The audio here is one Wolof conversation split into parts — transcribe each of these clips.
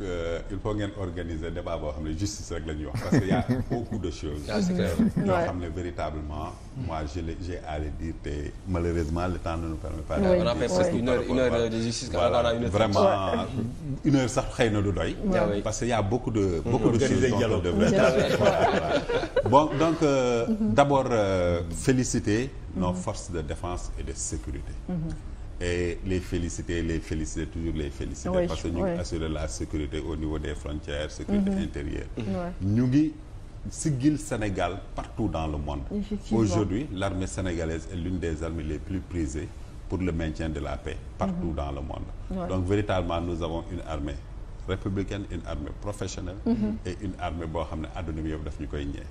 Euh, il faut ngeen organiser débat boo xam ne justice rek la wax parce que y a beaucoup de choses yoo xam ne véritablement moi je l'ai j'ai à le dire te malheureusement le temps ne nous permet pas on a fait presque une heure une heure voilà vraiment une heure sax xëy na du doy ah parce que y a beaucoup de mmh. beaucoup de choses dont on devrait bon donc euh, mmh. d'abord euh, féliciter mmh. nos force de défense et de sécurité et les féliciter les féliciter toujours les féliciter oui, parce que ñu assurer la sécurité au niveau des frontières sécurité mm -hmm. intérieure mm-hmm. ñu mm Sénégal partout dans le monde aujourd'hui l'armée sénégalaise est l'une des armées les plus prisées pour le maintien de la paix partout mm -hmm. dans le monde donc véritablement nous avons une armée républicaine une armée professionnelle mm -hmm. et une armée boo xam ne àdduna bi yëpp daf ñu koy ñee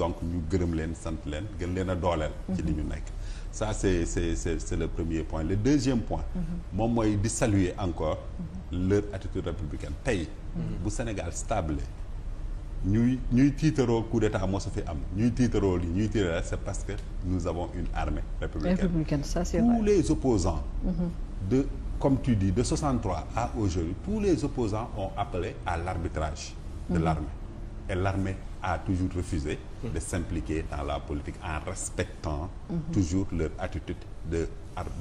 donc ñu gërëm leen sant leen gën leen a dooleel ci li mm-hmm. ñu nekk ça c'est c'est c'est le premier point le deuxième point mm-hmm. moom mooy di saluer encore mm-hmm. leur attitude républicaine tey bu Sénégal stable ñuy ñuy tiitaroo coup d'état moo su fi am ñuy tiitaroo li ñuy tiitaroo c'est parce que nous avons une armée républicaine, républicaine ça c'est vrai les opposants de comme tu dis de 63 à aujourd'hui tous les opposants ont appelé à l'arbitrage de mmh. l'armée et l'armée a toujours refusé de s'impliquer dans la politique en respectant mhm. toujours leur attitude de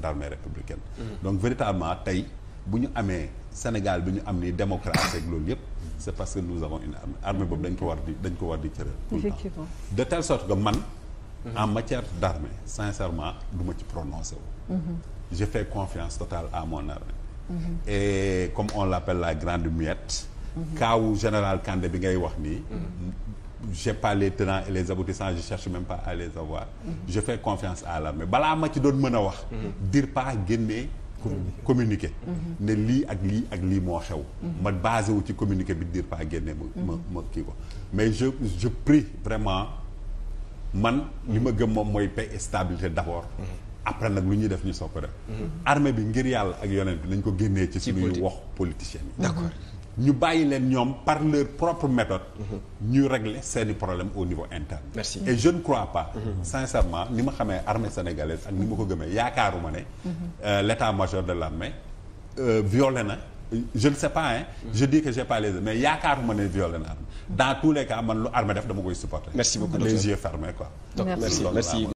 d'armée républicaine mhm. donc véritablement tey bu ñu amee Sénégal bi ñu am ni démocratie ak loolu yëpp c'est parce que nous avons une armée armée boobu ko war di dañ ko war di cëral tout le temps de telle sorte que man Mm-hmm. en matière d' armée sincèrement du ma ci prononcé wu. Mm-hmm. je fais confiance totale à mon armée. Mm-hmm. et comme on l' la grande muette. kaawu général Kandé bi ngay wax nii. je pas les tenants et les aboutissants je cherche même pas à les avoir. je fais confiance à l'armée balaa ma ci doon mën a wax. dire pas génnee. communiqué ne lii ak lii ak lii moo xew. ma basé wu ci communiqué bi dire pas génne ma ma kii ko mais je je vraiment. man li ma gëm moom mooy paix et stabilité d'abord. Mhm. après nag lu ñuy def ñu soog ko def. armée bi ngir yàlla ak yonent bi nañ ko génnee ci suñuy wax politicien yi. ñu bàyyi leen ñoom par leur propre méthode. Mhm. ñu régler seeni problème au niveau interne. merci et je ne crois pas. Mhm. sincèrement ni ma xamee armée sénégalaise ak ni ma ko gëmee yaakaaruma ne. Euh, l'état-major de l'armée euh, violé na. je ne sais pas hein je dis que j'ai pas les mais yaakaaruma ne violé arme dans tous les cas man lu arme def dama koy supporter les yeux fermés quoi merci merci